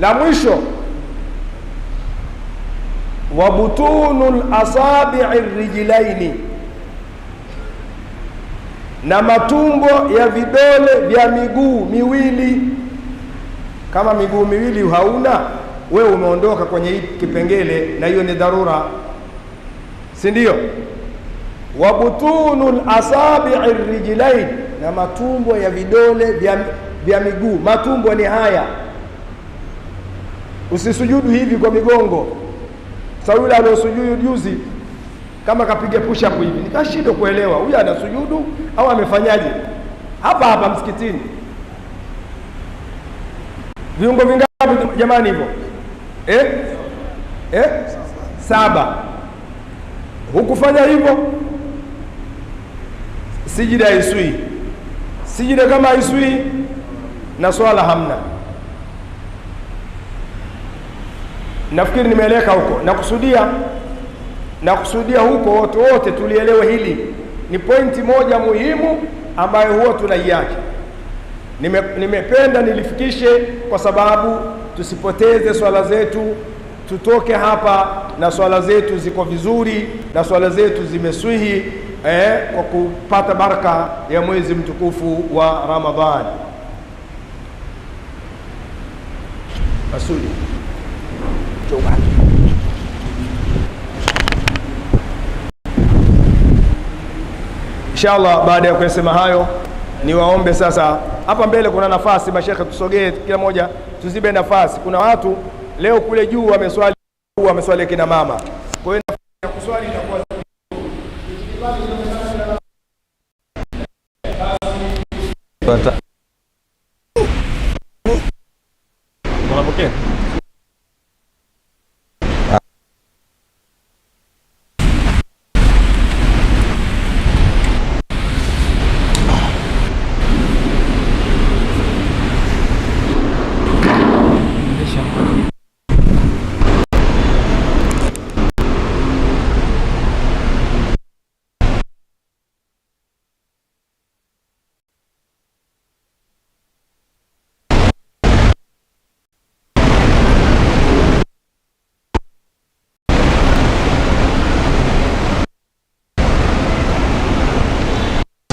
La mwisho wa butunu lasabii rijlaini, na matumbo ya vidole vya miguu miwili. Kama miguu miwili hauna wewe, umeondoka kwenye hii kipengele, na hiyo ni dharura, si ndio? wa butunu lasabii rijlaini, na matumbo ya vidole vya miguu. Matumbo ni haya Usisujudu hivi kwa migongo. Sasa yule anaosujudu juzi kama kapiga push up hivi, nikashindwa kuelewa huyu anasujudu au amefanyaje? Hapa hapa msikitini viungo vingapi jamani hivyo eh? Eh? Saba. Hukufanya hivyo, sijida isui, Sijida kama isui na swala hamna. nafikiri nimeeleka huko nakusudia nakusudia huko watu wote tulielewe hili ni pointi moja muhimu ambayo huwa tunaiacha Nime, nimependa nilifikishe kwa sababu tusipoteze swala zetu tutoke hapa na swala zetu ziko vizuri na swala zetu zimeswihi eh, kwa kupata baraka ya mwezi mtukufu wa Ramadhani. asuli chủ bạn inshallah baada ya kuyasema hayo niwaombe sasa hapa mbele kuna nafasi mashekhe tusogee kila moja tuzibe nafasi kuna watu leo kule juu wameswali wameswali kina mama kwa hiyo nafasi ya kuswali itakuwa But,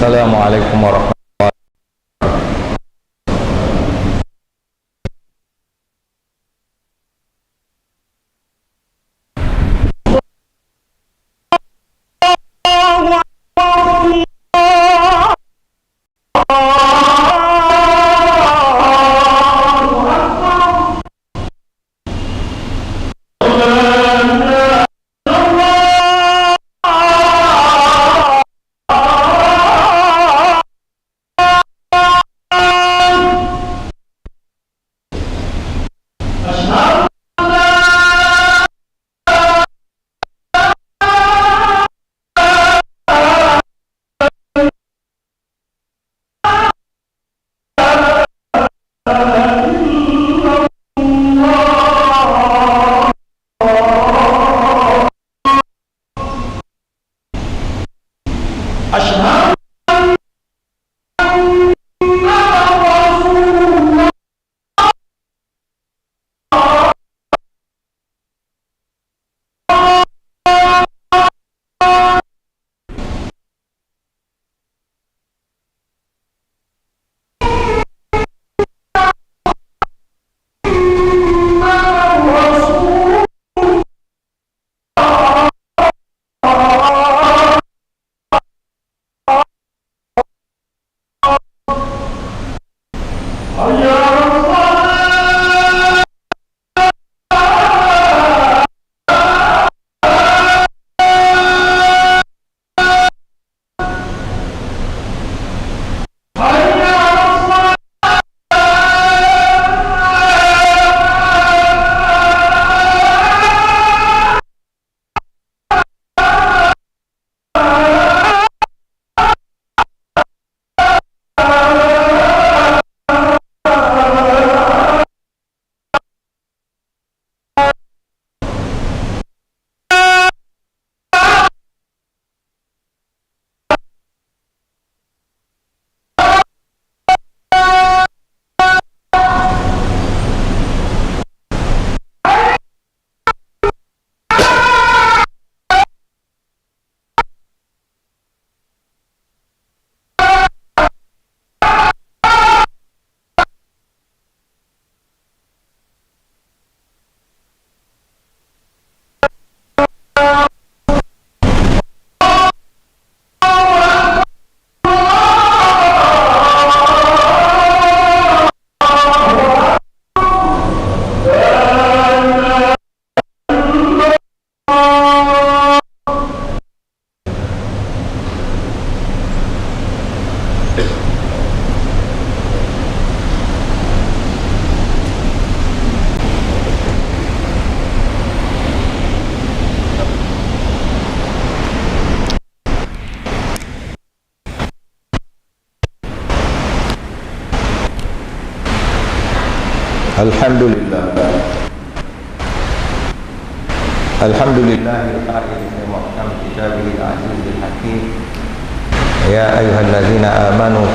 Assalamualaikum warahmatullahi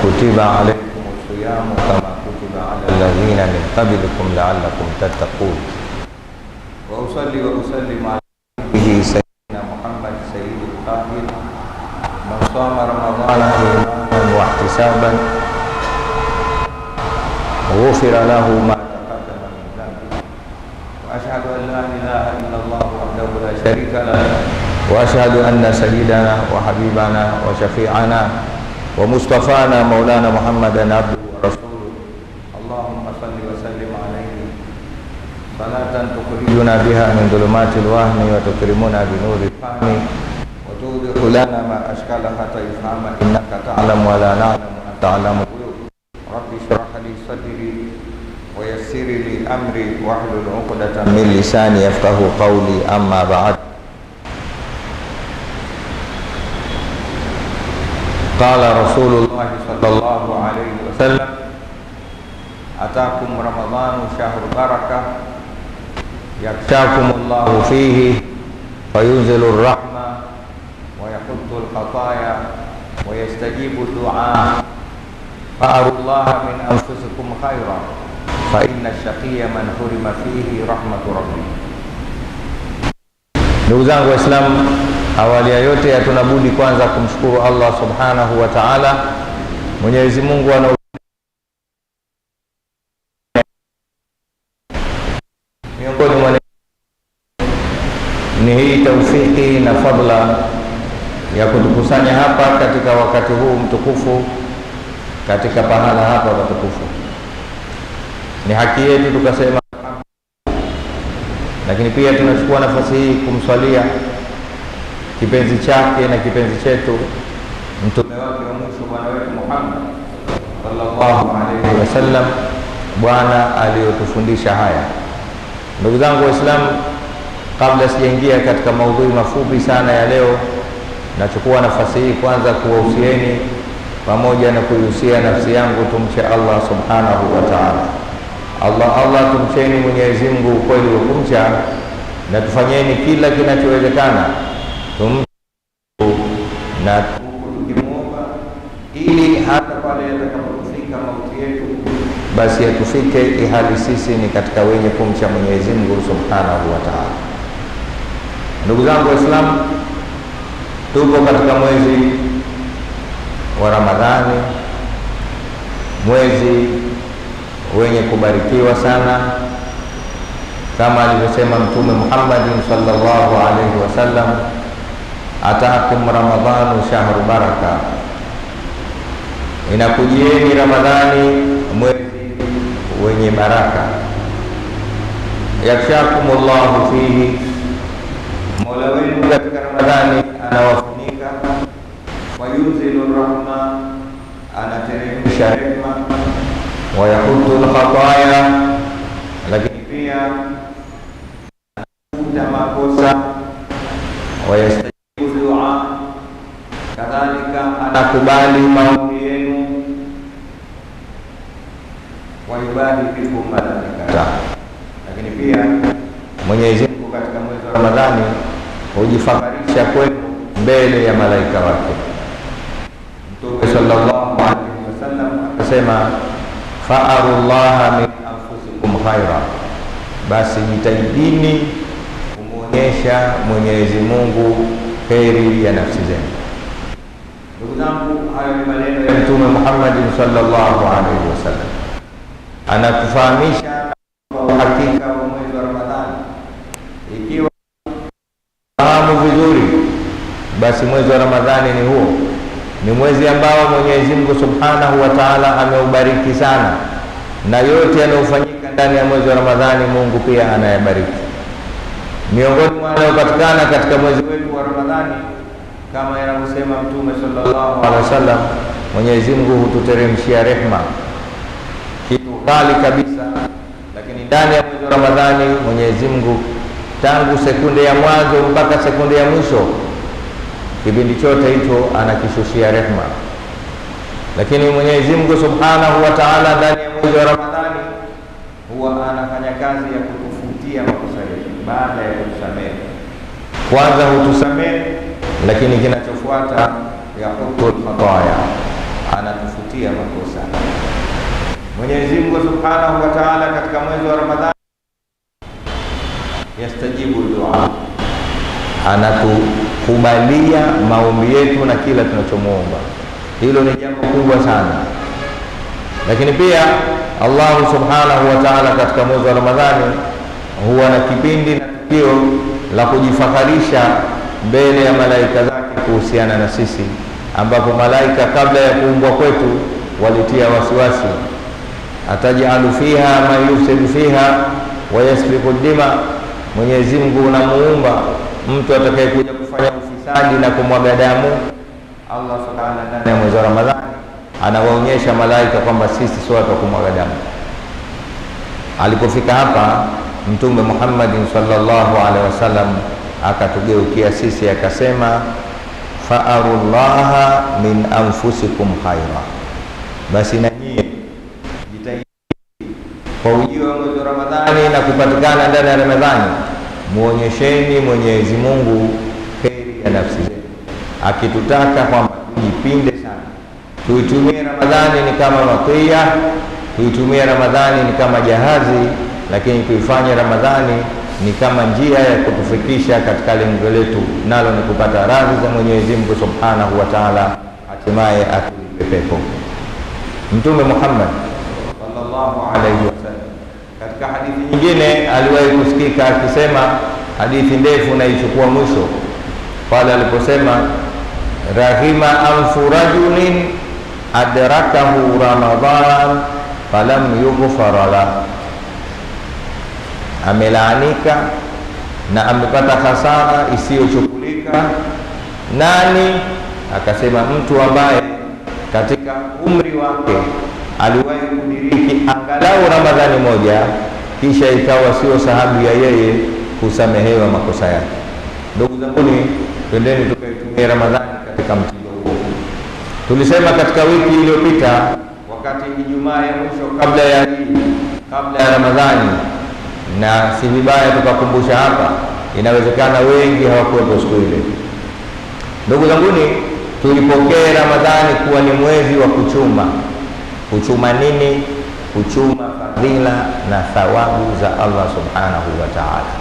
كتب عليكم الصيام كما كتب على الذين من قبلكم لعلكم تتقون وأصلي وأسلم على سيدنا محمد سيد القائل من صام رمضان إيمانا واحتسابا غفر له ما تقدم من ذنبه وأشهد أن لا إله إلا الله وحده لا شريك له وأشهد أن سيدنا وحبيبنا وشفيعنا ومصطفانا مولانا محمدا عبده ورسوله اللهم صل وسلم عليه صلاة تخرجنا بها من ظلمات الوهم وتكرمنا بنور الفهم وتوضح لنا ما أشكالها يفهم إنك تعلم ولا نعلم تعلم رب اشرح لي صدري ويسر لي أمري واحلل عقدة من لساني يفقه قولي أما بعد قال رسول الله صلى الله عليه وسلم أتاكم رمضان شهر بركة يكشاكم الله فيه وينزل الرحمة ويحط الخطايا ويستجيب الدعاء فأروا الله من أنفسكم خيرا فإن الشقي من حرم فيه رحمة ربه Ndugu zangu Awali ya yote hatuna kwanza kumshukuru Allah subhanahu wa ta'ala. Mwenyezi Mungu ana miongoni mwa ni hii taufiki na fadla ya kutukusanya hapa katika wakati huu mtukufu katika pahala hapa patukufu. Ni haki yetu tukasema, lakini pia tunachukua nafasi hii kumswalia kipenzi chake na kipenzi chetu mtume wake wa mwisho bwana wetu Muhammad sallallahu alaihi wasallam, bwana aliyotufundisha haya. Ndugu zangu Waislamu, kabla sijaingia katika maudhui mafupi sana ya leo, nachukua nafasi hii kwanza kuwahusieni pamoja na kuihusia nafsi yangu, tumche Allah subhanahu wa ta'ala. Allah Allah, tumcheni Mwenyezi Mungu ukweli wa kumcha na tufanyeni kila kinachowezekana tumshukuru na tukimwomba, ili hata pale atakapofika mauti yetu basi atufike ihali sisi ni katika wenye kumcha Mwenyezi Mungu Subhanahu wa Ta'ala. Ndugu zangu Waislamu, tuko katika mwezi wa Ramadhani, mwezi wenye kubarikiwa sana kama alivyosema Mtume Muhammad sallallahu alaihi wasallam atakum ramadhanu shahru baraka, inakujieni Ramadhani mwezi wenye baraka. Yakshakum llahu fihi, mola wenu katika Ramadhani anawafunika. Wayunzilu rahma, anateremsha rehma. Wayahudu lkhataya, lakini pia anafuta makosa akubali maombi yenu, waibadi malaika. Lakini pia Mwenyezi Mungu katika mwezi wa Ramadhani hujifaharisha kwenu mbele ya malaika wake. Mtume sallallahu alaihi wasallam akasema, faarullaha min anfusikum khaira, basi jitahidini kumwonyesha Mwenyezi Mungu heri ya nafsi zenu. Ndugu zangu, hayo ni maneno ya Mtume Muhammad sallallahu alaihi wasallam, anatufahamisha kwa uhakika wa mwezi wa Ramadhani. Ikiwa fahamu vizuri, basi mwezi wa Ramadhani ni huo, ni mwezi ambao Mwenyezi Mungu subhanahu wa taala ameubariki sana, na yote yanayofanyika ndani ya mwezi wa Ramadhani Mungu pia anayabariki. Miongoni mwa yanayopatikana katika mwezi wetu wa Ramadhani kama yanavyosema Mtume sallallahu alaihi wasallam, Mwenyezi Mungu hututeremshia rehma, kitu ghali kabisa, lakini ndani ya mwezi wa Ramadhani Mwenyezi Mungu tangu sekunde ya mwanzo mpaka sekunde ya mwisho, kipindi chote hicho anakishushia rehma. Lakini Mwenyezi Mungu subhanahu wa taala ndani ya mwezi wa Ramadhani huwa anafanya kazi ya kutufutia makosa yetu baada ya kutusamehe. Kwanza hutusamehe lakini kinachofuata yahutu lkhataya, anatufutia makosa. Mwenyezi Mungu subhanahu wa taala katika mwezi wa Ramadhani yastajibu dua, anatukubalia maombi yetu na kila tunachomwomba. Hilo ni jambo kubwa sana, lakini pia Allahu subhanahu wa taala katika mwezi wa Ramadhani huwa na kipindi na tukio la kujifaharisha mbele ya malaika zake kuhusiana na sisi, ambapo malaika kabla ya kuumbwa kwetu walitia wasiwasi, atajalu fiha man yufsidu fiha wa yasfiku dima, Mwenyezi Mungu unamuumba mtu atakayekuja kufanya ufisadi na kumwaga damu. Allah subhanahu wa ta'ala, mwezi wa Ramadhani anawaonyesha malaika kwamba sisi sio watu wa kumwaga damu. Alipofika hapa Mtume Muhammadin sallallahu alaihi wasallam akatugeukia sisi akasema, faarullaha min anfusikum khaira, basi na nyie jitahidi kwa ujio wa mwezi wa Ramadhani na kupatikana ndani ya Ramadhani, muonyesheni Mwenyezi Mungu heri ya nafsi zenu, akitutaka kwamba tujipinde sana, tuitumie Ramadhani ni kama matia, tuitumie Ramadhani ni kama jahazi, lakini tuifanye Ramadhani ni kama njia ya kutufikisha katika lengo letu, nalo ni kupata radhi za Mwenyezi Mungu Subhanahu wa Ta'ala, hatimaye atupe pepo. Mtume Muhammad sallallahu alaihi wasallam katika hadithi nyingine aliwahi kusikika akisema, hadithi ndefu naichukua mwisho pale aliposema, rahima anfu rajulin adrakahu Ramadhan falam yughfara lahu amelaanika na amepata hasara isiyochukulika. Nani? Akasema mtu ambaye katika umri wake aliwahi kudiriki angalau Ramadhani moja, kisha ikawa sio sahabu ya yeye kusamehewa makosa yake. Ndugu zanguni, twendeni tukaitumia Ramadhani katika mtindo huo. Tulisema katika wiki iliyopita, wakati Ijumaa ya mwisho kabla ya kabla ya Ramadhani na si vibaya tukakumbusha hapa, inawezekana wengi hawakuwepo siku ile. Ndugu zanguni, tulipokea Ramadhani kuwa ni mwezi wa kuchuma. Kuchuma nini? Kuchuma fadhila na thawabu za Allah subhanahu wa ta'ala.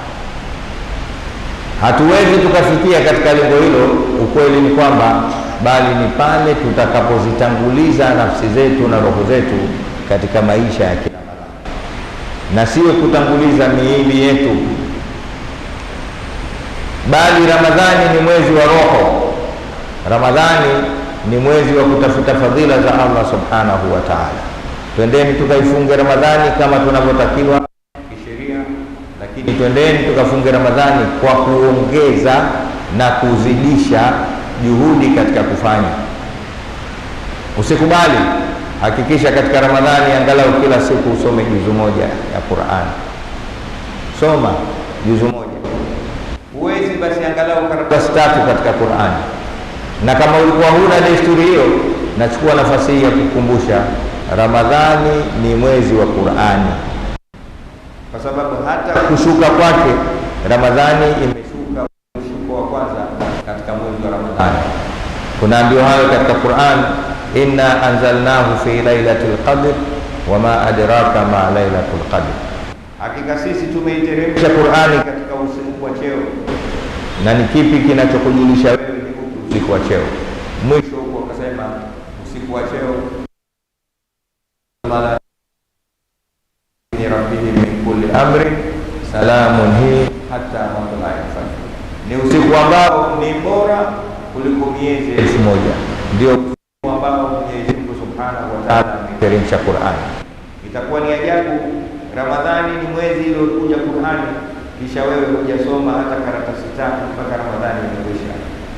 Hatuwezi tukafikia katika lengo hilo, ukweli ni kwamba, bali ni pale tutakapozitanguliza nafsi zetu na roho zetu katika maisha yake na sio kutanguliza miili yetu, bali Ramadhani ni mwezi wa roho. Ramadhani ni mwezi wa kutafuta fadhila za Allah subhanahu wa ta'ala. Twendeni tukaifunge Ramadhani kama tunavyotakiwa kisheria, lakini twendeni tukafunge Ramadhani kwa kuongeza na kuzidisha juhudi katika kufanya. Usikubali Hakikisha katika Ramadhani angalau kila siku usome juzu moja ya Qur'an. Soma juzu moja, uwezi basi angalau karatasi tatu katika Qur'an, na kama ulikuwa huna desturi hiyo, nachukua nafasi hii ya kukumbusha, Ramadhani ni mwezi wa Qur'ani, kwa sababu hata kushuka kwake Ramadhani imeshuka mshuko wa kwanza katika mwezi wa Ramadhani. Kunaambiwa hayo katika Qur'an inna anzalnahu fi lailatul qadr wama adraka ma lailatul qadr, hakika sisi tumeiteremsha Qur'ani katika usiku wa cheo. Na ni kipi kinachokujulisha wewe ni usiku wa cheo? Mwisho huko akasema usiku wa cheo ni rabbihi min kulli amri salamun hi hatta matlai ni usiku ambao ni bora kuliko miezi elfu moja ndio kielimu cha Qur'an. Itakuwa ni ajabu, Ramadhani ni mwezi iliyokuja Qur'ani, kisha wewe hujasoma hata karatasi tatu mpaka Ramadhani imekwisha.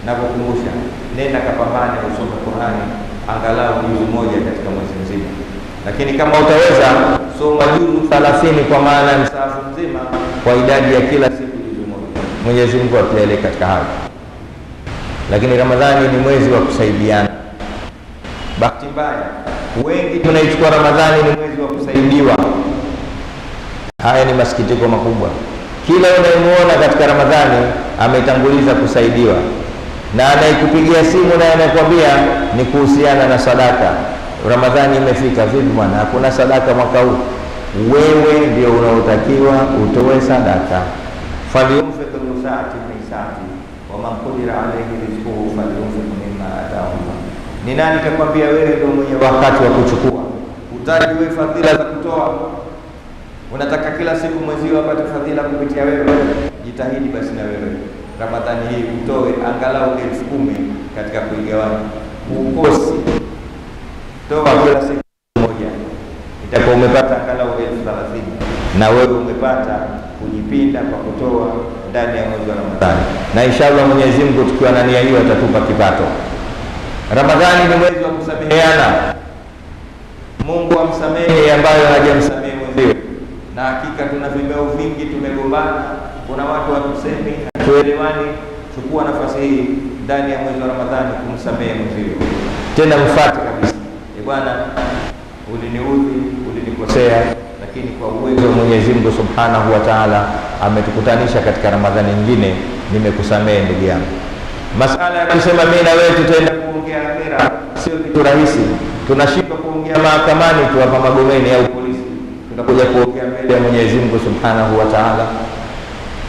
Nakukumbusha, nenda kapambane usome Qur'ani angalau juzu moja katika mwezi mzima, lakini kama utaweza soma juzu 30 kwa maana ya msahafu mzima kwa idadi ya kila siku juzu moja. Mwenyezi Mungu atujalie katika hayo. Lakini Ramadhani ni mwezi wa kusaidiana Bahati mbaya wengi tunaichukua Ramadhani ni mwezi wa kusaidiwa. Haya ni masikitiko makubwa. Kila unayemuona katika Ramadhani ametanguliza kusaidiwa, na anayekupigia simu naye anakuambia ni kuhusiana na sadaka. Ramadhani imefika, vipi bwana, hakuna sadaka mwaka huu? Wewe ndio unaotakiwa utoe sadaka. falyunfiq dhu min sa'ati wa man qadira alayhi rizquhu ni nani kakwambia wewe ndio mwenye wakati wa kuchukua? Utaji wewe fadhila za kutoa, unataka kila siku mwezi apate fadhila kupitia wewe. Jitahidi basi na wewe Ramadhani hii utoe angalau elfu kumi katika kuigawana, ukosi toa kila siku moja, itakuwa umepata angalau elfu thelathini na wewe umepata kujipinda kwa kutoa ndani ya mwezi wa Ramadhani, na inshallah Mwenyezi Mungu tukiwa na nia hiyo atatupa kipato. Ramadhani ni mwezi wa kusameheana. Mungu amsamehe ambayo hajamsamehe mwenziwe, na hakika tuna vimeo vingi, tumegombana, kuna watu hatusemi, hatuelewani. Chukua nafasi hii ndani ya mwezi wa Ramadhani kumsamehe mwenziwe, tena mfuate kabisa. E Bwana, uliniudhi, ulinikosea, lakini kwa uwezo wa Mwenyezi Mungu Subhanahu wa Ta'ala ametukutanisha katika Ramadhani nyingine, nimekusamehe ndugu yangu. Masala ya kusema mimi na wewe tutende kuongea na sio kitu rahisi. Tunashindwa kuongea mahakamani tu hapa Magomeni au polisi, tunakuja kuongea mbele ya Mwenyezi Mungu Subhanahu wa Ta'ala.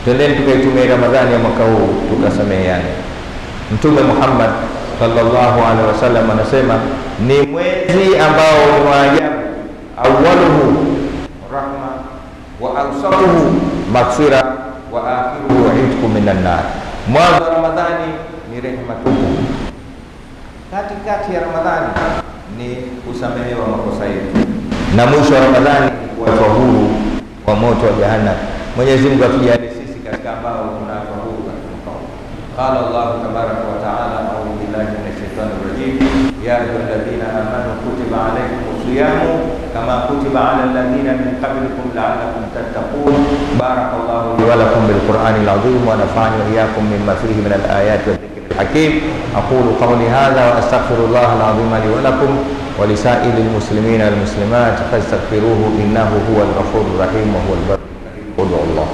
Twendeni tukaitumia Ramadhani ya mwaka huu tukasameheane. Mtume Muhammad sallallahu alaihi wasallam anasema ni mwezi ambao ni waajabu, awaluhu rahma wa awsatuhu maghfira wa akhiruhu itqu minan nar. Mwanzo wa Ramadhani ni rehema tupu katikati ya Ramadhani ni kusamehewa makosa yetu, na mwisho wa Ramadhani ni huru kwa moto wa Jahannam. Mwenyezi Mungu atujalie sisi katika ambao tunawekwa huru katika mkao. Qala Allahu tabaraka wa taala, audhu billahi minash shaitani rajim, ya ayyuhalladhina amanu kutiba alaikum siyamu kama kutiba ala ladhina min qablikum la'allakum tattaqun. Barakallahu li wa lakum bil Qur'anil lazim wa nafani wa iyakum mima fihi min al-ayat wa dhikr الحكيم أقول قولي هذا وأستغفر الله العظيم لي ولكم ولسائر المسلمين والمسلمات فاستغفروه إنه هو الغفور الرحيم وهو البر الرحيم الله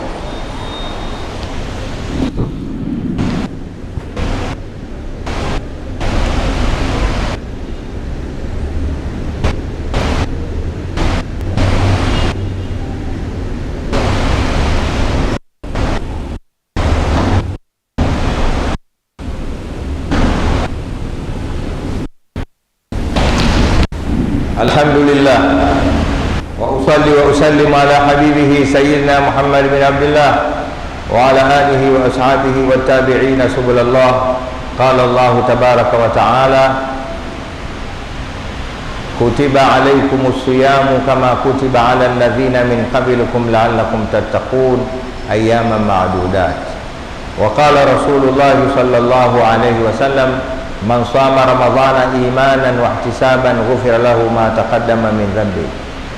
الحمد لله وأصلي وأسلم على حبيبه سيدنا محمد بن عبد الله وعلى آله وأصحابه والتابعين سبل الله قال الله تبارك وتعالى كتب عليكم الصيام كما كتب على الذين من قبلكم لعلكم تتقون أياما معدودات وقال رسول الله صلى الله عليه وسلم man sama ramadhana imanan ihtisaban ghufira lahu ma taqaddama min dhanbi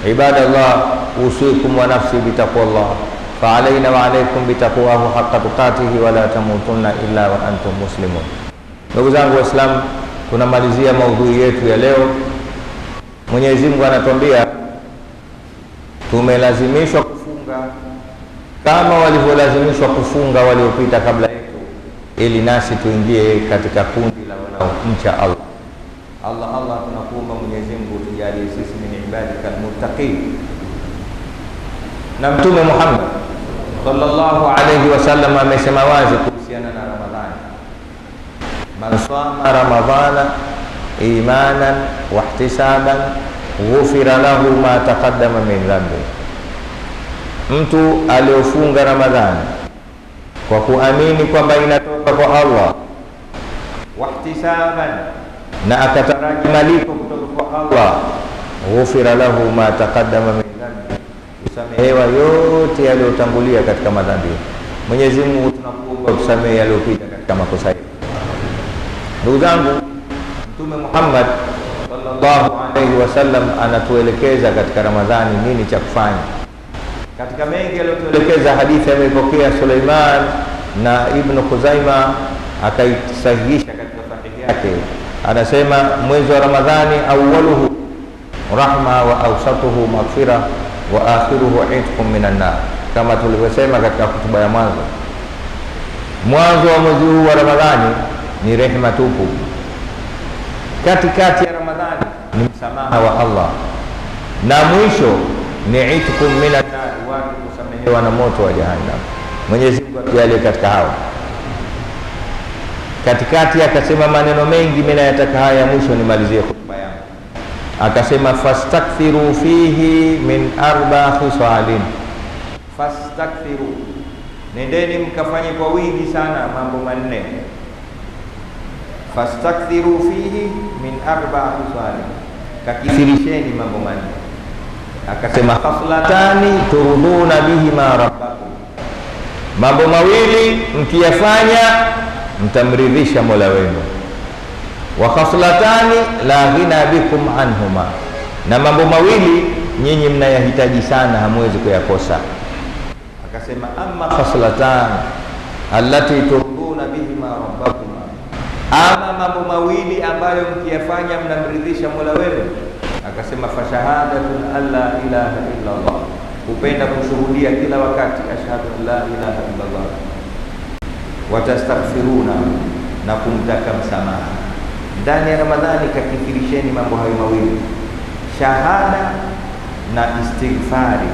ibadallah usikum wa nafsi bitaqwallah alayna wa alaikum bitaqwahu haqa tuqatihi la tamutunna illa wa antum muslimun. Ndugu zangu Waislamu, tunamalizia maudhui yetu ya leo. Mwenyezi Mungu anatuambia tumelazimishwa kufunga kama walivyolazimishwa kufunga waliopita kabla yetu, ili nasi tuingie katika kundi wanaomcha Allah. Allah Allah, tunakuomba Mwenyezi Mungu tujalie sisi min ibadika almuttaqin. Na Mtume Muhammad sallallahu alayhi wasallam amesema wazi kuhusiana na Ramadhani, man sama ramadhana imanan wahtisaban ghufira lahu ma taqaddama min dhambi, mtu aliofunga Ramadhani kwa kuamini kwamba inatoka kwa Allah wahtisaban, na akataraji malipo kutoka kwa Allah, ghufira lahu ma taqaddama min dhanbi, kusamehewa yote yaliyotangulia katika madhambi. Mwenyezi Mungu tunakuomba utusamehe yaliyopita katika makosa yetu. Ndugu zangu, Mtume Muhammad sallallahu alaihi wasallam anatuelekeza katika Ramadhani nini cha kufanya. Katika mengi aliyotuelekeza, hadithi amepokea Suleiman na Ibnu Khuzaima akaisahihisha yake anasema mwezi wa ramadhani awaluhu rahma wa ausatuhu maghfira wa akhiruhu itqun minan nar kama tulivyosema katika hutuba ya mwanzo mwanzo wa mwezi huu wa ramadhani ni rehma tupu katikati ya ramadhani ni msamaha wa allah na mwisho ni itqun minan nar watu kusamehewa na moto wa jahannam mwenyezi mungu atujalie katika hawa katikati akasema maneno mengi, mimi nayataka haya mwisho nimalizie hotuba yangu. Akasema fastakthiru fihi min arba khusalin fastakthiru, nendeni mkafanye kwa wingi sana mambo manne. Fastakthiru fihi min arba khusalin kakithirisheni mambo manne. Akasema khaslatani turuduna bihima rabbakum, mambo mawili mkiyafanya mtamridhisha mola wenu. Wa khaslatani la ghina bikum anhuma, na mambo mawili nyinyi mnayahitaji sana, hamwezi kuyakosa. Akasema amma khaslatan allati turduna bihima rabbakuma, ama mambo mawili ambayo mkiyafanya mnamridhisha mola wenu. Akasema fashahadatun alla ilaha illa Allah, kupenda kushuhudia kila wakati, ashhadu an la ilaha illa Allah watastaghfiruna, na kumtaka msamaha. Ndani ya Ramadhani kakithirisheni mambo hayo mawili, shahada na istighfari.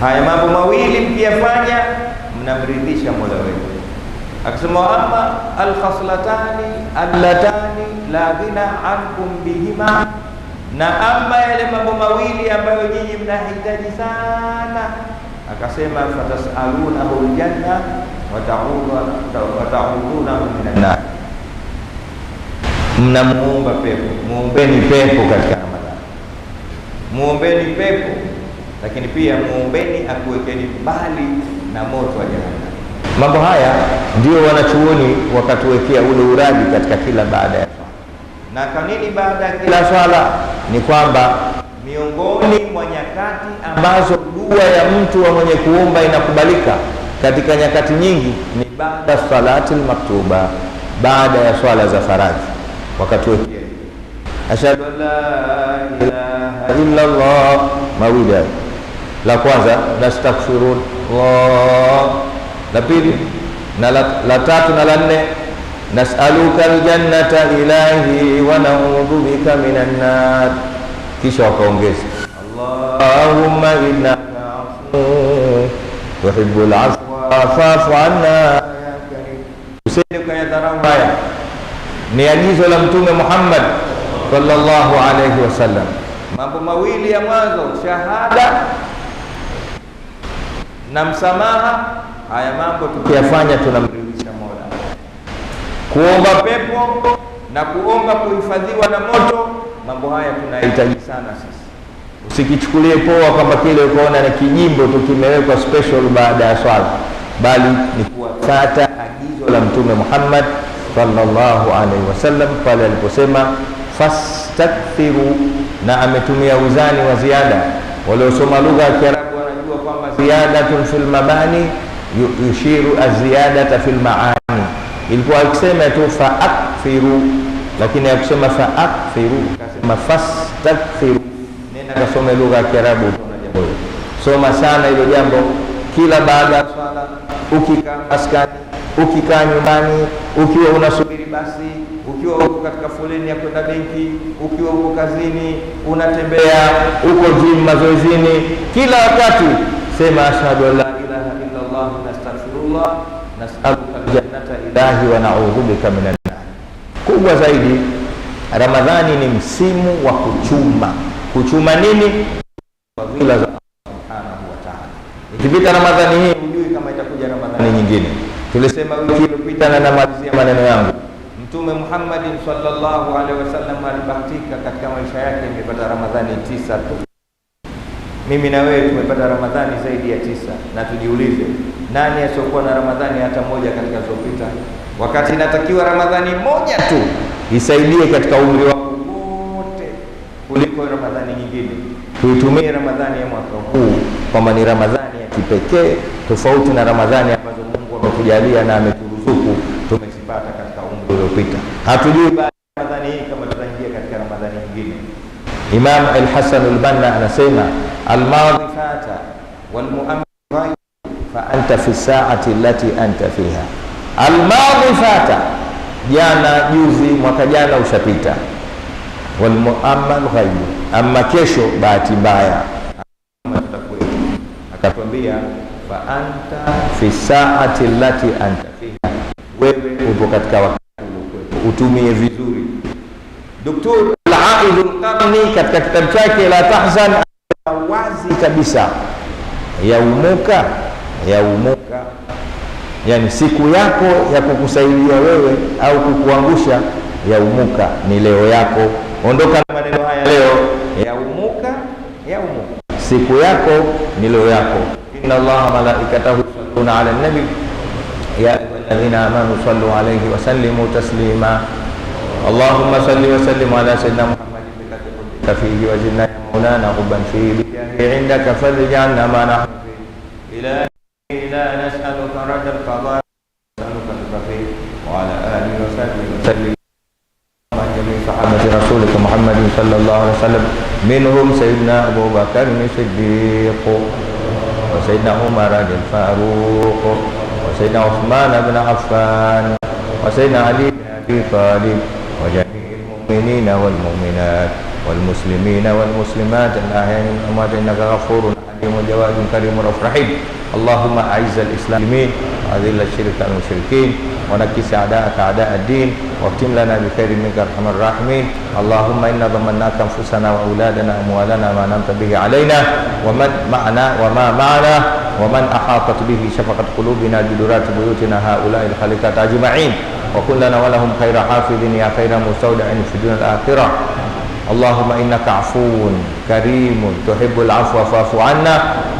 Haya mambo mawili mkiyafanya, mnamridhisha Mola wenu. Akasema waama alkhaslatani allatani la ghina ankum bihima, na ama yale mambo mawili ambayo nyinyi mnahitaji sana, akasema fatasalunahu ljanna wataudunahu mnamuomba pepo. Muombeni pepo katika Ramadhani, muombeni pepo, lakini pia muombeni akuwekeni mbali na moto wa jahannam. Mambo haya ndio wanachuoni wakatuwekea ule uradi katika kila baada ya swala. Na kwa nini baada ya kila swala? Ni kwamba miongoni mwa nyakati ambazo dua ya mtu wa mwenye kuomba inakubalika katika nyakati nyingi ni baada salati maktuba, baada ya swala za faradhi, wakati wetu ashhadu an la ilaha illa Allah, mawili hayo. La kwanza nastaghfirun Allah, la pili na la tatu na la nne nasaluka aljannata ilahi wa naudhu bika minan nar, kisha wakaongeza Allahumma innaka afuwwun tuhibbul afwa fafu anna usije kuyadharau haya. Ni agizo la Mtume Muhammad sallallahu alaihi wasallam. Mambo mawili ya mwanzo, shahada na msamaha. Haya mambo tukiyafanya tunamridhisha Mola. Kuomba pepo na kuomba kuhifadhiwa na moto, mambo haya tunahitaji sana sisi Usikichukulie poa kwamba kile ukoona ni kijimbo tu kimewekwa special baada ya swala bali ni kuwafata agizo la Mtume Muhammad sallallahu alaihi wasallam pale aliposema fastakthiru, na ametumia uzani wa ziada. Waliosoma lugha ya Kiarabu wanajua kwamba ziyadatun fil mabani yushiru aziyadata fil maani, ilikuwa akisema tu faakthiru lakini akusema faakthiru kasema fastakthiru. Nenda kasome lugha ya Kiarabu, soma sana hilo jambo kila baada ya swala, ukikaa maskani, ukikaa nyumbani, ukiwa unasubiri basi, ukiwa uko katika foleni ya kwenda benki, ukiwa uko kazini, unatembea, uko gym, mazoezini, kila wakati sema ashhadu an la ilaha illa Allah wa astaghfirullah nasaluka aljannata ilahi wa naudhu bika minan Kubwa zaidi, Ramadhani ni msimu wa kuchuma. Kuchuma nini? Fadhila za Ikipita Ramadhani hii hujui kama itakuja Ramadhani nyingine. Tulisema wiki iliyopita na namalizia maneno yangu, Mtume Muhammad sallallahu alaihi wasallam alibahatika katika maisha yake amepata Ramadhani tisa tu. Mimi na wewe tumepata Ramadhani zaidi ya tisa, na tujiulize nani asiokuwa na Ramadhani hata moja katika zilizopita, wakati inatakiwa Ramadhani moja tu isaidie katika umri wako wote kuliko Ramadhani nyingine. Tuitumie Ramadhani ya mwaka huu kwamba ni Ramadhani kipekee tofauti na Ramadhani ambazo Mungu ametujalia na ameturuzuku tumezipata katika umri uliopita. Hatujui baada ya Ramadhani hii kama tutaingia katika Ramadhani nyingine. Imam Al-Hasan Al-Banna anasema al-madhi fata walmuammal fa anta fi saati allati anta fiha, Al-madhi fata, jana juzi, mwaka jana ushapita, Wal-mu'ammal ghaib, amma kesho bahati mbaya Akatwambia fa anta fi saati lati anta fiha, wewe upo katika wakati uliokuwepo, utumie vizuri. Doktor al al Qarni katika kitabu chake La Tahzan wazi kabisa, yaumuka yaumuka, yani siku yako ya kukusaidia wewe au kukuangusha yaumuka, ni leo yako. Ondoka na maneno haya leo, yaumuka yaumuka siku yako ni leo yako. Inna Allaha malaikatahu yusalluna ala nabi ya ayyuhallazina amanu sallu alayhi wa sallimu taslima. Allahumma salli wa sallim ala sayyidina Muhammadin bi kadri fihi wa zinna ya maulana hubban fihi bi عندك فارجعنا ما نحن فيه إلهي Muhammadin Rasulullah Muhammad Sallallahu Alaihi Wasallam Minhum Sayyidina Abu Bakar Ini Siddiq Wa Sayyidina Umar Adil Faruq Wa Sayyidina Uthman Abin Affan Wa Sayyidina Ali Abi Talib Wa Jami'il Muminin Wal Muminat Wal Muslimin Wal Muslimat Al-Ahyan Al-Umat Innaka Ghafurun Alimun Jawadun Karimun Afrahim اللهم أعز الإسلام وأذل الشرك المشركين ونكس أعداءك أعداء الدين واختم لنا بخير منك أرحم الراحمين اللهم إنا ضمناك أنفسنا وأولادنا أموالنا ما نمت به علينا ومن معنا وما معنا ومن أحاطت به شفقة قلوبنا جدرات بيوتنا هؤلاء الخليقات أجمعين وكن لنا ولهم خير حافظ يا خير مستودع في الدنيا الآخرة اللهم إنك عفو كريم تحب العفو فاعف عنا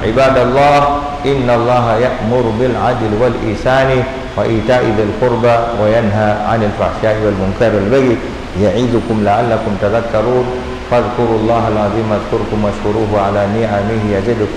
عباد الله إن الله يأمر بالعدل والإحسان وإيتاء ذي القربى وينهى عن الفحشاء والمنكر والبغي يعظكم لعلكم تذكرون فاذكروا الله العظيم اذكركم واشكروه على نعمه يزدكم